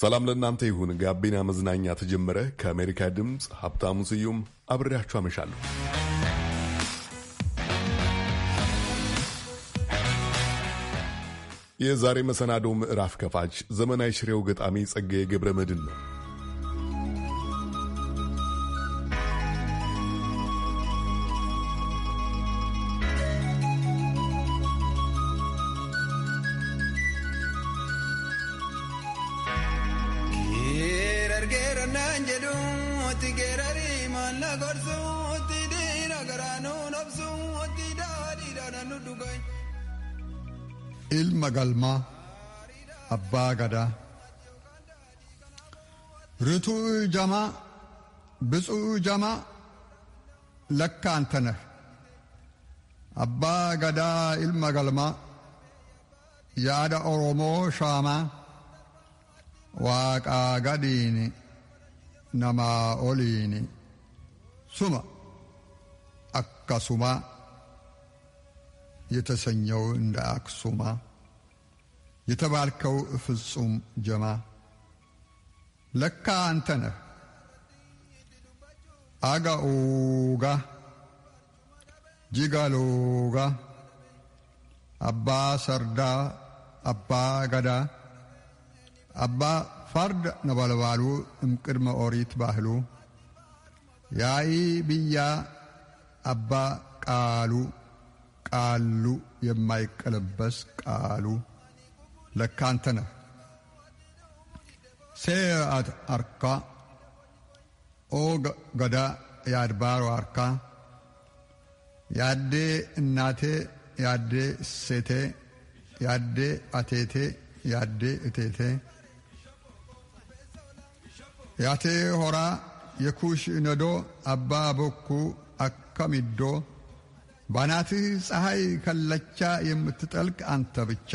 ሰላም ለእናንተ ይሁን። ጋቢና መዝናኛ ተጀመረ። ከአሜሪካ ድምፅ ሀብታሙ ስዩም አብሬያችሁ አመሻለሁ። የዛሬ መሰናዶ ምዕራፍ ከፋች ዘመናዊ ሽሬው ገጣሚ ጸጋዬ ገብረ መድን ነው። gorsootti diina garaanuun obsootti Ilma galmaa abbaa gadaa rituu jamaa bitsuu jamaa lakkaantanar abbaa gadaa ilma galma yaada oromoo shaamaa waaqaa gadiini namaa oliini. ሱመ አካ ሱማ የተሰኘው እንደ አክሱማ የተባልከው ፍጹም ጀማ ለካ አንተ ነህ አጋኡጋ ጂጋሎጋ አባ ሰርዳ አባ ገዳ አባ ፋርድ ነበልባሉ እምቅድመ ኦሪት ባህሉ ያይ ብያ አባ ቃሉ ቃሉ የማይቀለበስ ቃሉ ለካንተ ነው! ሴአት አርካ ኦ ገዳ የአድባሮ አርካ ያዴ እናቴ ያዴ ሴቴ ያዴ አቴቴ ያዴ እቴቴ ያቴ ሆራ የኩሽ ነዶ አባ በኩ አከሚዶ ባናትህ ፀሐይ ከለቻ የምትጠልቅ አንተ ብቻ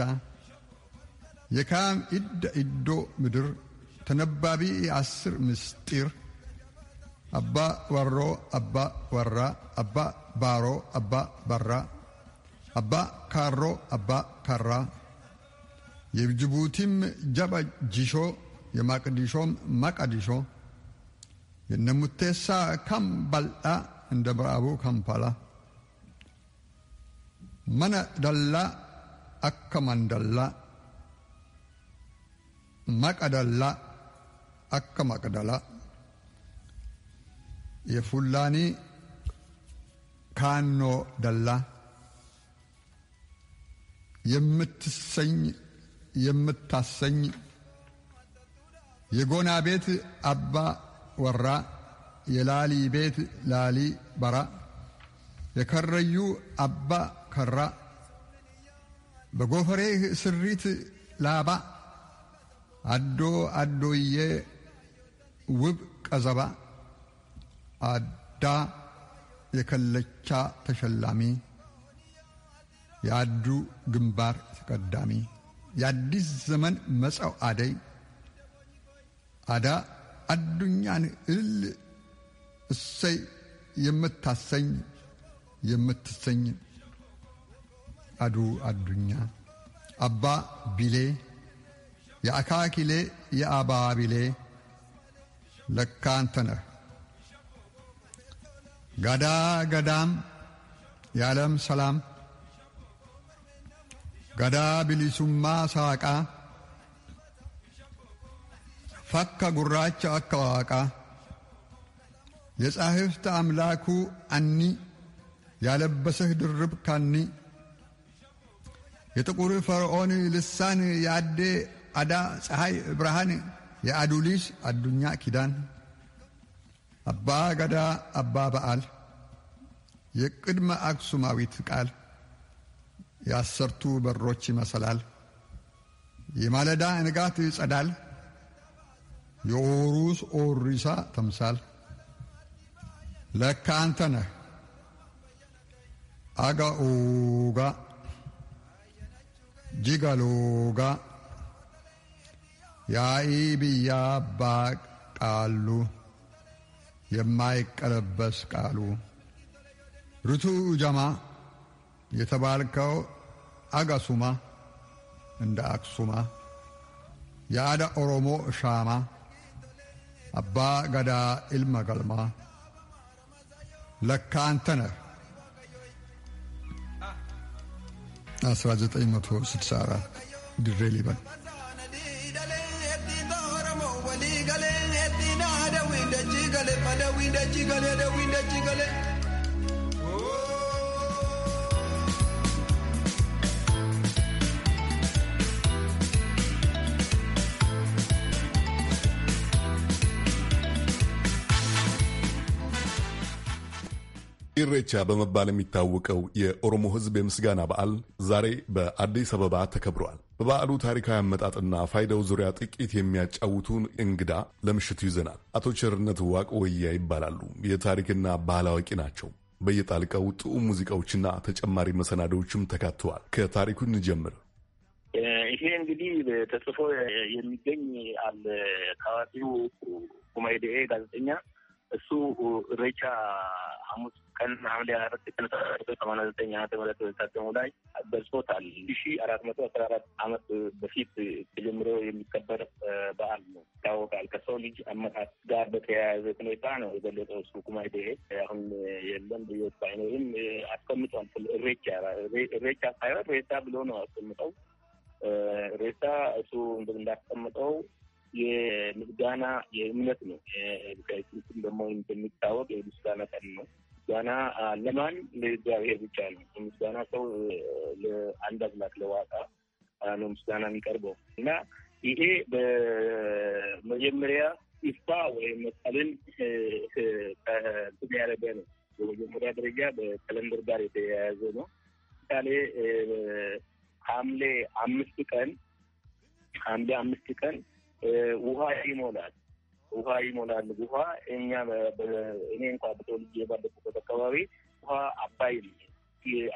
የካም ኢደ ኢዶ ምድር ተነባቢ አስር ምስጢር አባ ወሮ አባ ወራ አባ ባሮ አባ በራ አባ ካሮ አባ ካራ የጅቡቲም ጀባ ጅሾ የማቅዲሾም ማቃዲሾ Inni murteessaa kan bal'aa inda kan pala mana dalla akka man dalla maqa dalla akka maqdalaa yefullaanii kaannoo dallaa የምትሰኝ የምታሰኝ የጎና ቤት abba. ወራ፣ የላሊ ቤት ላሊ በራ፣ የከረዩ አባ ከራ፣ በጎፈሬህ ስሪት ላባ፣ አዶ አዶዬ ውብ ቀዘባ፣ አዳ የከለቻ ተሸላሚ፣ የአዱ ግንባር ተቀዳሚ፣ የአዲስ ዘመን መጸው አደይ አዳ አዱኛን እልል እሰይ የምታሰኝ የምትሰኝ አዱ አዱኛ አባ ቢሌ የአካኪሌ የአባ ቢሌ ለካ አንተ ነህ ጋዳ ገዳም የዓለም ሰላም ጋዳ ቢሊሱማ ሳቃ fakka gurraacha akka waaqaa የጻሕፍት አምላኩ አኒ ያለበሰህ ድርብ ካኒ የጥቁር ፈርዖን ልሳን የአዴ አዳ ፀሐይ ብርሃን የአዱሊስ አዱኛ ኪዳን አባ ገዳ አባ በዓል የቅድመ አክሱማዊት ቃል የአሰርቱ በሮች መሰላል የማለዳ ንጋት ይጸዳል!። የኦሩስ ኦሪሳ ተምሳል ለካ አንተ ነህ አጋኡጋ ጂጋሎጋ ያኢ ብያ አባ ቃሉ የማይቀለበስ ቃሉ ርቱ ጀማ የተባልከው አጋሱማ እንደ አክሱማ የአዳ ኦሮሞ ሻማ abbaa gadaa ilma galmaa lakkaantana 1964 dirree liban Jigale, ኢሬቻ በመባል የሚታወቀው የኦሮሞ ሕዝብ የምስጋና በዓል ዛሬ በአዲስ አበባ ተከብሯል። በበዓሉ ታሪካዊ አመጣጥና ፋይዳው ዙሪያ ጥቂት የሚያጫውቱን እንግዳ ለምሽቱ ይዘናል። አቶ ቸርነት ወያ ይባላሉ። የታሪክና ባህል አዋቂ ናቸው። በየጣልቃው ጥዑም ሙዚቃዎችና ተጨማሪ መሰናዶዎችም ተካተዋል። ከታሪኩ እንጀምር። ይሄ እንግዲህ ተጽፎ የሚገኝ አለ ታዋቂው ኩማይዴኤ ጋዜጠኛ እሱ ሬቻ ሐሙስ ቀን ሐምሌ አራት ቀን ሰማንያ ዘጠኝ ዓመተ ምህረት ታተሙ ላይ ደርሶታል። ሺ አራት መቶ አስራ አራት ዓመት በፊት ተጀምሮ የሚከበር በዓል ነው ይታወቃል። ከሰው ልጅ አመጣት ጋር በተያያዘ ሁኔታ ነው የገለጸው። እሱ ኩማይዴ አሁን የለም ብዮት ባይኖርም አስቀምጧል። ሬቻ ሬቻ ሳይሆን ሬሳ ብሎ ነው አስቀምጠው ሬሳ እሱ እንዳስቀምጠው የምስጋና የእምነት ነው። ክርስትም ደግሞ እንደሚታወቅ የምስጋና ቀን ነው። ምስጋና ለማን ለእግዚአብሔር ብቻ ነው። ምስጋና ሰው ለአንድ አምላክ ለዋቃ ነው ምስጋና የሚቀርበው እና ይሄ በመጀመሪያ ይፋ ወይም መስቀልን ያደረገ ነው። በመጀመሪያ ደረጃ በከለንደር ጋር የተያያዘ ነው። ምሳሌ ሐምሌ አምስት ቀን ሐምሌ አምስት ቀን ውሃ ይሞላል ውሃ ይሞላል። ውሃ እኛ እኔ እንኳ በተወልጄ ባለኩበት አካባቢ ውሃ አባይ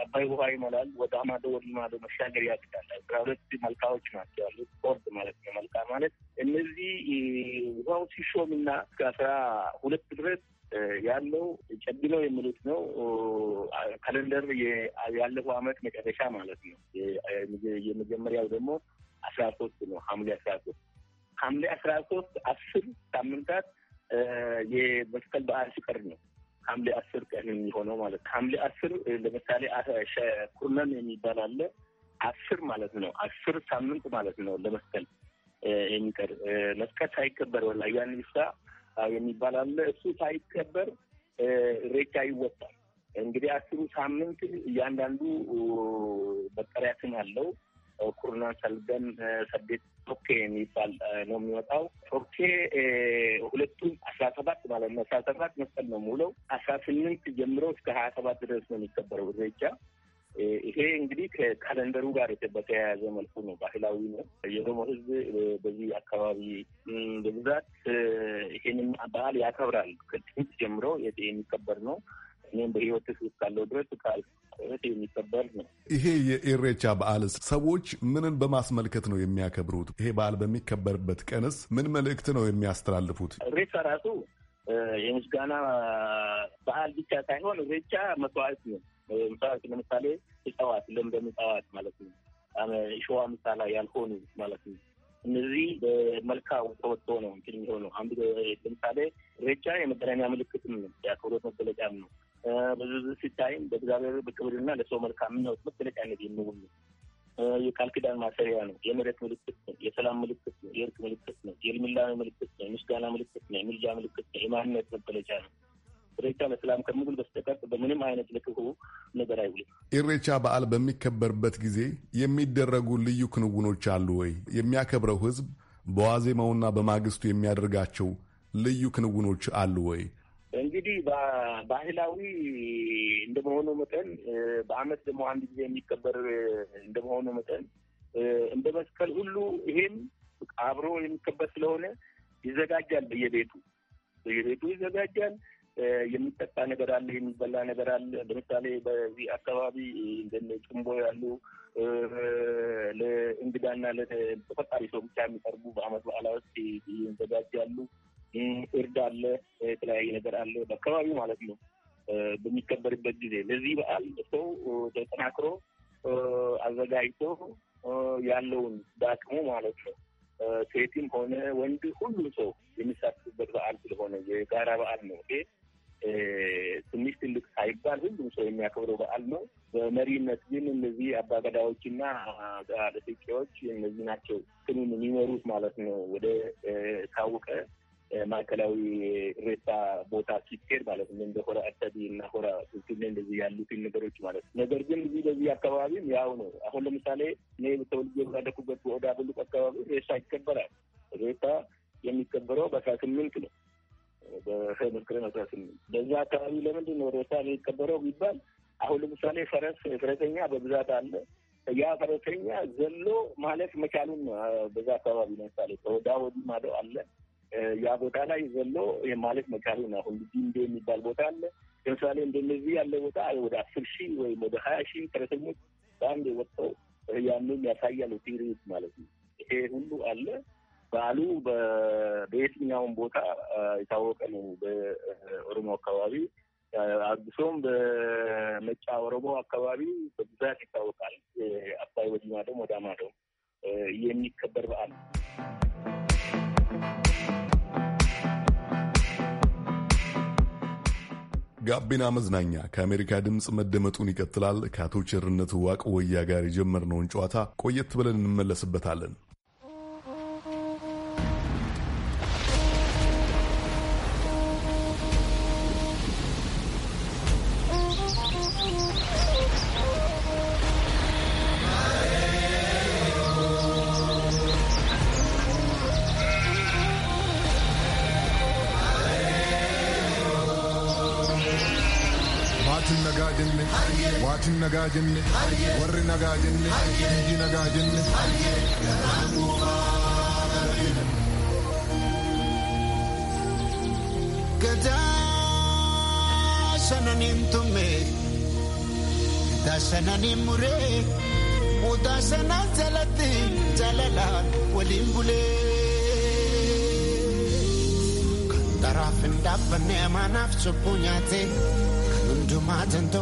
አባይ ውሃ ይሞላል። ወደ አማዶ ወደ ማዶ መሻገር ያግዳል። አስራ ሁለት መልካዎች ናቸው ያሉት ቦርድ ማለት ነው። መልካ ማለት እነዚህ ውሃው ሲሾም ሲሾምና እስከ አስራ ሁለት ድረስ ያለው ነው የሚሉት ነው። ካለንደር ያለፈው አመት መጨረሻ ማለት ነው። የመጀመሪያው ደግሞ አስራ ሶስት ነው ሐምሌ አስራ ሶስት ሐምሌ አስራ ሶስት አስር ሳምንታት የመስቀል በዓል ሲቀር ነው። ሐምሌ አስር ቀን የሚሆነው ማለት ሐምሌ አስር ለምሳሌ ኩርነን የሚባል አለ። አስር ማለት ነው። አስር ሳምንት ማለት ነው ለመስቀል የሚቀር መስቀል ሳይከበር ወላ ያን ሳ የሚባል አለ። እሱ ሳይከበር ሬቻ ይወጣል። እንግዲህ አስሩ ሳምንት እያንዳንዱ መጠሪያ ስም አለው። ኩርና ሰልደን ሰዴት ቶኬ የሚባል ነው የሚወጣው። ቶኬ ሁለቱም አስራ ሰባት ማለት ነው። አስራ ሰባት መስቀል ነው የምውለው። አስራ ስምንት ጀምሮ እስከ ሀያ ሰባት ድረስ ነው የሚከበረው እሬቻ። ይሄ እንግዲህ ከካለንደሩ ጋር በተያያዘ መልኩ ነው፣ ባህላዊ ነው። የኦሮሞ ህዝብ በዚህ አካባቢ በብዛት ይህንን በዓል ያከብራል። ከጥንት ጀምሮ የሚከበር ነው። እኔም በህይወት ውስጥ ካለው ድረስ ጥረት የሚከበር ነው። ይሄ የኢሬቻ በዓል ሰዎች ምንን በማስመልከት ነው የሚያከብሩት? ይሄ በዓል በሚከበርበት ቀንስ ምን መልእክት ነው የሚያስተላልፉት? ኢሬቻ ራሱ የምስጋና በዓል ብቻ ሳይሆን ኢሬቻ መስዋዕት ነው። መስዋዕት ለምሳሌ እጽዋት፣ ለምለም እጽዋት ማለት ነው። ሸዋ ምሳላ ያልሆኑ ማለት ነው። እነዚህ በመልካው ተወጥቶ ነው እንግዲህ የሚሆነው። አንዱ ለምሳሌ ኢሬቻ የመገናኛ ምልክትም ነው፣ የአክብሮት መገለጫም ነው። ብዙ ሲታይም በእግዚአብሔር በክብርና ለሰው መልካምነት መገለጫነት የሚውል የቃል ኪዳን ማሰሪያ ነው። የምህረት ምልክት ነው። የሰላም ምልክት ነው። የእርቅ ምልክት ነው። የልምላሜ ምልክት ነው። የምስጋና ምልክት ነው። የምልጃ ምልክት ነው። የማንነት መገለጫ ነው። ኢሬቻ ለሰላም ከምግል በስተቀር በምንም አይነት ለክፉ ነገር አይውልም። ኢሬቻ በዓል በሚከበርበት ጊዜ የሚደረጉ ልዩ ክንውኖች አሉ ወይ? የሚያከብረው ህዝብ በዋዜማውና በማግስቱ የሚያደርጋቸው ልዩ ክንውኖች አሉ ወይ? እንግዲህ ባህላዊ እንደመሆኑ መጠን በአመት ደግሞ አንድ ጊዜ የሚከበር እንደመሆኑ መጠን እንደ መስቀል ሁሉ ይሄም አብሮ የሚከበር ስለሆነ ይዘጋጃል። በየቤቱ በየቤቱ ይዘጋጃል። የሚጠጣ ነገር አለ፣ የሚበላ ነገር አለ። ለምሳሌ በዚህ አካባቢ እንደ ጭምቦ ያሉ ለእንግዳና ለተፈጣሪ ሰው ብቻ የሚቀርቡ በአመት በዓላት ይዘጋጃሉ። እርድ አለ፣ የተለያየ ነገር አለ በአካባቢው ማለት ነው። በሚከበርበት ጊዜ ለዚህ በዓል ሰው ተጠናክሮ አዘጋጅቶ ያለውን በአቅሙ ማለት ነው ሴትም ሆነ ወንድ ሁሉ ሰው የሚሳትፉበት በዓል ስለሆነ የጋራ በዓል ነው። ይሄ ትንሽ ትልቅ ሳይባል ሁሉም ሰው የሚያከብረው በዓል ነው። በመሪነት ግን እነዚህ አባገዳዎችና ደሴቄዎች እነዚህ ናቸው ክሉን የሚመሩት ማለት ነው ወደ ታወቀ ማዕከላዊ ሬሳ ቦታ ሲኬድ ማለት ነው እንደ ሆረ አሰቢ እና ሆረ ቱልቱሌ እንደዚህ ያሉትን ነገሮች ማለት ነው። ነገር ግን እዚህ በዚህ አካባቢም ያው ነው። አሁን ለምሳሌ እኔ ተወልጄ ያደኩበት በኦዳ ብሉቅ አካባቢ ሬሳ ይከበራል። ሬሳ የሚከበረው በአስራ ስምንት ነው በመስከረም አስራ ስምንት በዚህ አካባቢ ለምንድን ነው ሬሳ የሚከበረው ቢባል አሁን ለምሳሌ ፈረስ ፈረሰኛ በብዛት አለ። ያ ፈረሰኛ ዘሎ ማለት መቻሉን በዛ አካባቢ ለምሳሌ ከወዳ ወዲህ ማለው አለ ያ ቦታ ላይ ዘሎ ማለት መቻሉ ነው። አሁን ዲንዶ የሚባል ቦታ አለ። ለምሳሌ እንደነዚህ ያለ ቦታ ወደ አስር ሺህ ወይም ወደ ሀያ ሺህ ተረተኞች በአንድ የወጥተው ያንን ያሳያል ፒሪዮድ ማለት ነው። ይሄ ሁሉ አለ። በዓሉ በየትኛውም ቦታ የታወቀ ነው። በኦሮሞ አካባቢ አብሶም በመጫ ኦሮሞ አካባቢ በብዛት ይታወቃል። አባይ ወዲማ ደግሞ ወዳማ ደግሞ የሚከበር በዓል ነው። ጋቢና መዝናኛ ከአሜሪካ ድምፅ መደመጡን ይቀጥላል። ከአቶ ቸርነት ዋቅ ወያ ጋር የጀመርነውን ጨዋታ ቆየት ብለን እንመለስበታለን። Waatiin nagaa jenne warri nagaa jenne biyyi nagaa jenne. Gadaa sananiin tumme gadaa sananiin muree mudaa jalatti jalalaan waliin bulee. Kan daraaf hin dhaabbanne amaanaaf cubbuu nyaate kan hundumaa tanto.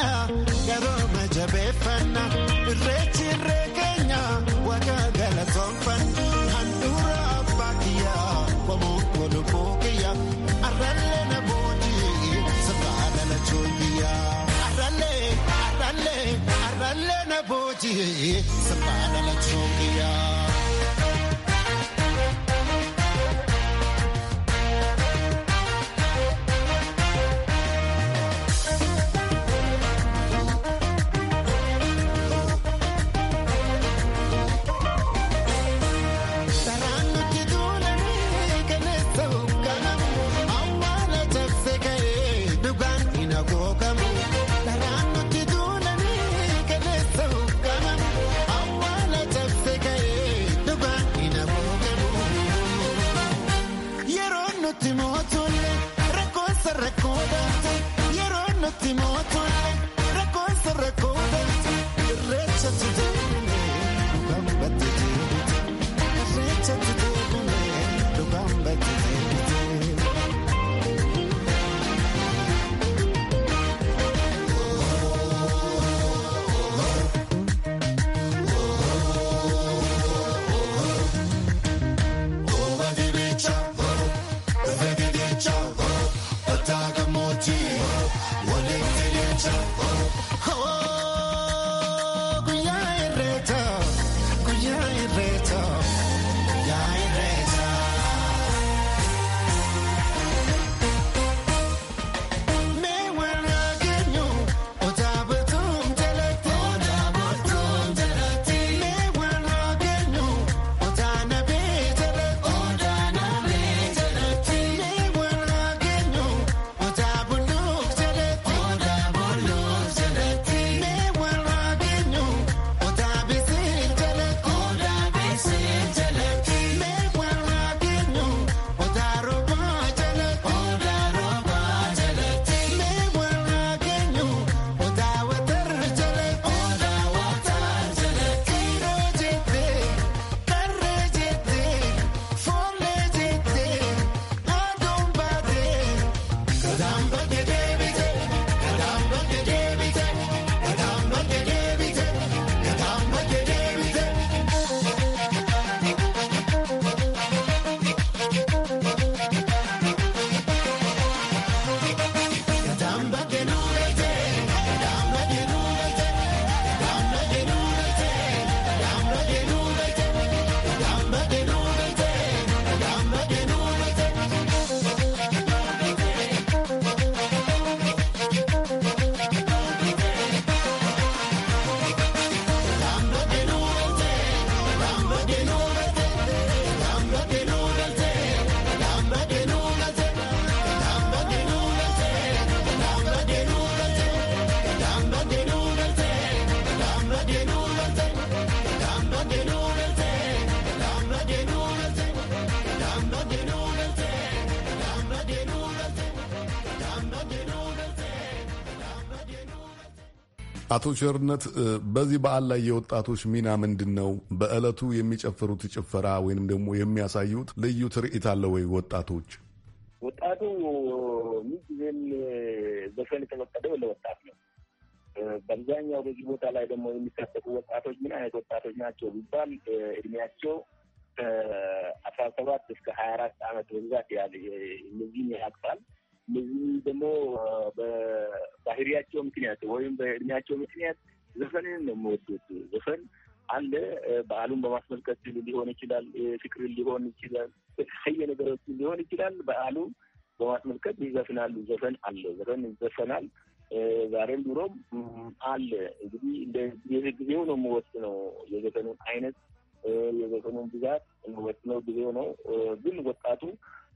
keenya garooma jabeeffannaa irreechi irree keenya waaqa galatoonfanna handhuura abbaa kiyyaa wamuun goloboo kiyyaa arrallee na boodii sirraa dhala chooyyaa arale arrallee arrallee na boodii sirraa dhala chooyyaa. to today. አቶ ቸርነት በዚህ በዓል ላይ የወጣቶች ሚና ምንድን ነው? በዕለቱ የሚጨፍሩት ጭፈራ ወይንም ደግሞ የሚያሳዩት ልዩ ትርኢት አለ ወይ? ወጣቶች ወጣቱ ምንጊዜም ዘፈን የተፈቀደው ለወጣት ነው። በአብዛኛው በዚህ ቦታ ላይ ደግሞ የሚሳተፉ ወጣቶች ምን አይነት ወጣቶች ናቸው ቢባል እድሜያቸው ከአስራ ሰባት እስከ ሀያ አራት ዓመት በብዛት ያለ እነዚህም ያቅፋል። እነዚህ ደግሞ በባህሪያቸው ምክንያት ወይም በእድሜያቸው ምክንያት ዘፈንን ነው የሚወዱት። ዘፈን አለ በዓሉን በማስመልከት ሊሆን ይችላል፣ ፍቅር ሊሆን ይችላል፣ የተለያየ ነገሮች ሊሆን ይችላል። በዓሉ በማስመልከት ይዘፍናሉ። ዘፈን አለ፣ ዘፈን ይዘፈናል። ዛሬም ድሮም አለ። እንግዲህ ጊዜው ነው ነው የዘፈኑን አይነት የዘፈኑን ብዛት ነው ጊዜው ነው። ግን ወጣቱ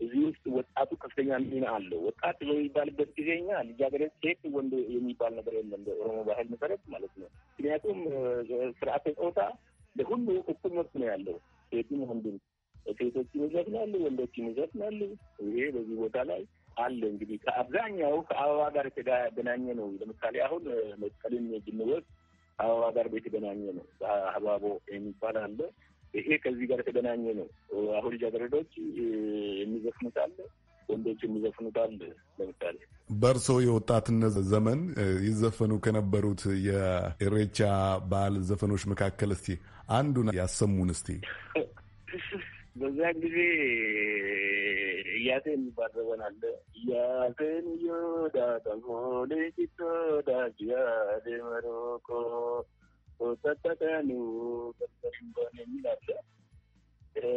እዚህ ውስጥ ወጣቱ ከፍተኛ ሚና አለው። ወጣት በሚባልበት ጊዜ እኛ ልጃገረድ፣ ሴት፣ ወንድ የሚባል ነገር የለም በኦሮሞ ባህል መሰረት ማለት ነው። ምክንያቱም ስርዓተ ፆታ ለሁሉ እኩል መብት ነው ያለው ሴትም ወንድም። ሴቶች ይዘፍናሉ፣ ወንዶች ይዘፍናሉ። ይሄ በዚህ ቦታ ላይ አለ። እንግዲህ ከአብዛኛው ከአበባ ጋር የተገናኘ ነው። ለምሳሌ አሁን መስቀልን ብንወስድ አበባ ጋር የተገናኘ ነው። አበቦ የሚባል አለ ይሄ ከዚህ ጋር የተገናኘ ነው። አሁን ልጃገረዶች የሚዘፍኑት አለ፣ ወንዶች የሚዘፍኑት አለ። ለምሳሌ በእርሶ የወጣትነት ዘመን ይዘፈኑ ከነበሩት የኢሬቻ ባህል ዘፈኖች መካከል እስቲ አንዱን ያሰሙን እስቲ። በዛን ጊዜ እያሴ የሚባል ዘፈን አለ። እያሴን ዮዳዳሞ ሌሲቶ መሮኮ ጠጠቀኑ በሆነ የሚል አለ።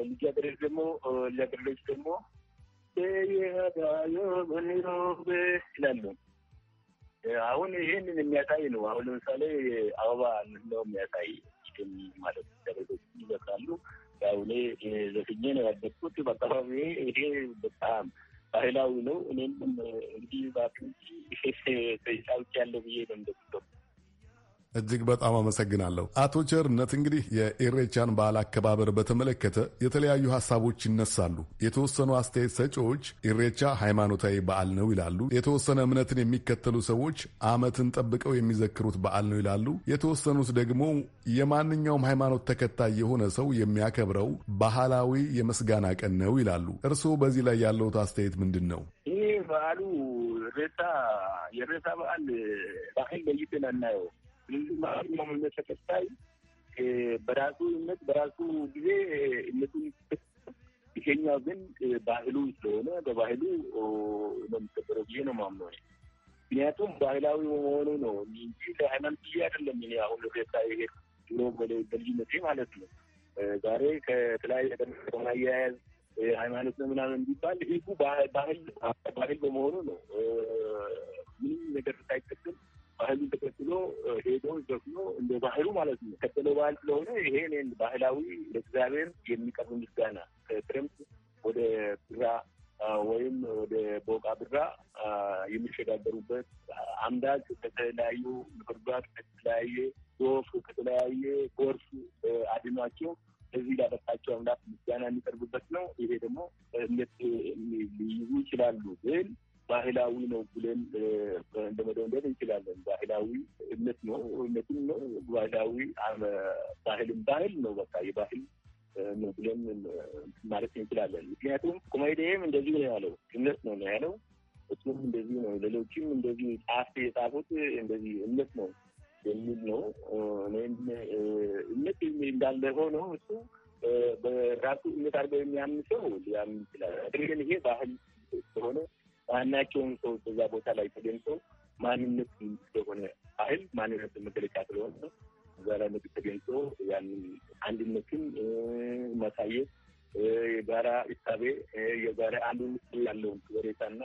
ልጃገረድ ደግሞ ልጃገረዶች ደግሞ ኒሮቤ ይላሉ። አሁን ይህንን የሚያሳይ ነው። አሁን ለምሳሌ አበባ ምንለው የሚያሳይ ማለት ልጃገረዶች ይዘፍራሉ። ያው እኔ ዘፍኜ ነው ያደግኩት በአካባቢ ይሄ በጣም ባህላዊ ነው። እኔም እንግዲህ ባቱ ተጫውቻለሁ ብዬ ነው እንደሚገቡ እጅግ በጣም አመሰግናለሁ አቶ ቸርነት። እንግዲህ የኢሬቻን በዓል አከባበር በተመለከተ የተለያዩ ሀሳቦች ይነሳሉ። የተወሰኑ አስተያየት ሰጪዎች ኢሬቻ ሃይማኖታዊ በዓል ነው ይላሉ። የተወሰነ እምነትን የሚከተሉ ሰዎች ዓመትን ጠብቀው የሚዘክሩት በዓል ነው ይላሉ። የተወሰኑት ደግሞ የማንኛውም ሃይማኖት ተከታይ የሆነ ሰው የሚያከብረው ባህላዊ የምስጋና ቀን ነው ይላሉ። እርስዎ በዚህ ላይ ያለውት አስተያየት ምንድን ነው? ይህ በዓሉ ሬሳ የሬሳ በዓል ባህል ለይተን አናየው ማንኛውም እምነት ተከታይ በራሱ እምነት በራሱ ጊዜ እምነቱን ይሄኛው ግን ባህሉ ስለሆነ በባህሉ ነው የሚከበረው ጊዜ ነው ማምነው። ምክንያቱም ባህላዊ መሆኑ ነው እንጂ ለሃይማኖት ጊዜ አይደለም። እኔ አሁን ሬሳ ይሄ ድሮ በልጅነቴ ማለት ነው። ዛሬ ከተለያየ አያያዝ ሃይማኖት ነው ምናምን ቢባል ህጉ ባህል በመሆኑ ነው ምንም ነገር ሳይጠቅም ባህሉን ተከትሎ ሄዶ ዘፍኖ እንደ ባህሉ ማለት ነው ከተለ ባህል ስለሆነ ይሄ እኔን ባህላዊ ለእግዚአብሔር የሚቀርብ ምስጋና ከክረምት ወደ ብራ ወይም ወደ ቦቃ ብራ የሚሸጋገሩበት አምዳጅ ከተለያዩ ነጎድጓድ ከተለያየ ዶፍ ከተለያየ ጎርፍ አድኗቸው እዚህ ላበቃቸው አምላክ ምስጋና የሚቀርብበት ነው። ይሄ ደግሞ እንዴት ሊይዙ ይችላሉ ግን ባህላዊ ነው ብለን እንደ መደወንደል እንችላለን። ባህላዊ እምነት ነው፣ እምነትም ነው፣ ባህላዊ ባህልም ባህል ነው። በቃ የባህል ነው ብለን ማለት እንችላለን። ምክንያቱም ኮሜዲም እንደዚህ ነው ያለው፣ እምነት ነው ነው ያለው። እሱም እንደዚህ ነው፣ ሌሎችም እንደዚህ ጻፍ የጻፉት እንደዚህ እምነት ነው የሚል ነው። እምነት እንዳለ ሆኖ እሱ በራሱ እምነት አድርገው የሚያምሰው ሰው ሊያምን ይችላል። ግን ይሄ ባህል ስለሆነ ማናቸውን ሰዎች በዛ ቦታ ላይ ተገኝተው ማንነት ስለሆነ ኃይል ማንነት መገለጫ ስለሆነ እዛ ላይ ምግብ ተገኝቶ ያንን አንድነትን ማሳየት የጋራ እሳቤ የጋራ አንዱ ምስል ያለውን ክበሬታና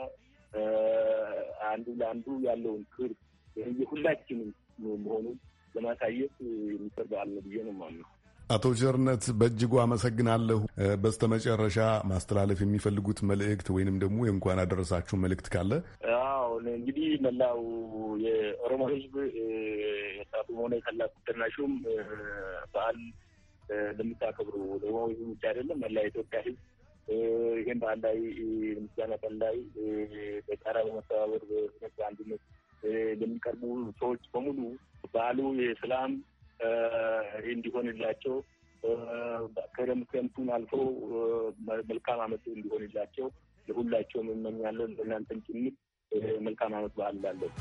አንዱ ለአንዱ ያለውን ክብር የሁላችንም መሆኑን ለማሳየት የሚሰራ አለ ብዬ ነው ማምነው። አቶ ቸርነት በእጅጉ አመሰግናለሁ። በስተመጨረሻ ማስተላለፍ የሚፈልጉት መልእክት ወይንም ደግሞ የእንኳን አደረሳችሁ መልእክት ካለ? አዎ እንግዲህ መላው የኦሮሞ ሕዝብ ወጣቱም ሆነ ታላቁ ትናሹም በዓል ለምታከብሩ ኦሮሞ ሕዝብ ብቻ አይደለም መላ የኢትዮጵያ ሕዝብ ይህን በዓል ላይ ምስጋና ቀን ላይ በጋራ በመተባበር በአንድነት ለሚቀርቡ ሰዎች በሙሉ በዓሉ የሰላም እንዲሆንላቸው ከደም ከምቱን አልፎ መልካም አመት እንዲሆንላቸው ለሁላቸውም እመኛለሁ። ለእናንተም ጭምር መልካም አመት በዓል ላለን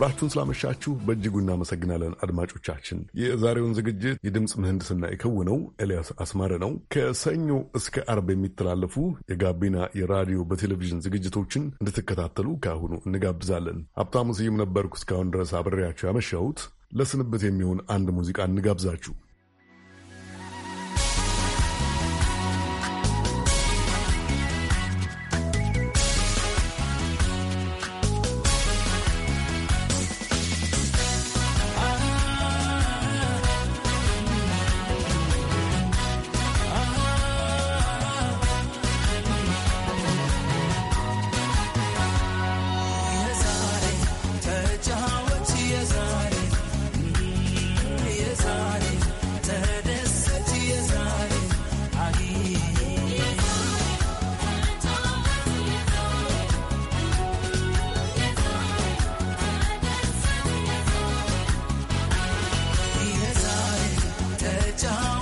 አብራችሁን ስላመሻችሁ በእጅጉ እናመሰግናለን። አድማጮቻችን የዛሬውን ዝግጅት የድምፅ ምህንድስና የከወነው ኤልያስ አስማረ ነው። ከሰኞ እስከ አርብ የሚተላለፉ የጋቢና የራዲዮ በቴሌቪዥን ዝግጅቶችን እንድትከታተሉ ከአሁኑ እንጋብዛለን። ሀብታሙ ስዩም ነበርኩ። እስካሁን ድረስ አብሬያችሁ ያመሻሁት። ለስንብት የሚሆን አንድ ሙዚቃ እንጋብዛችሁ። 家。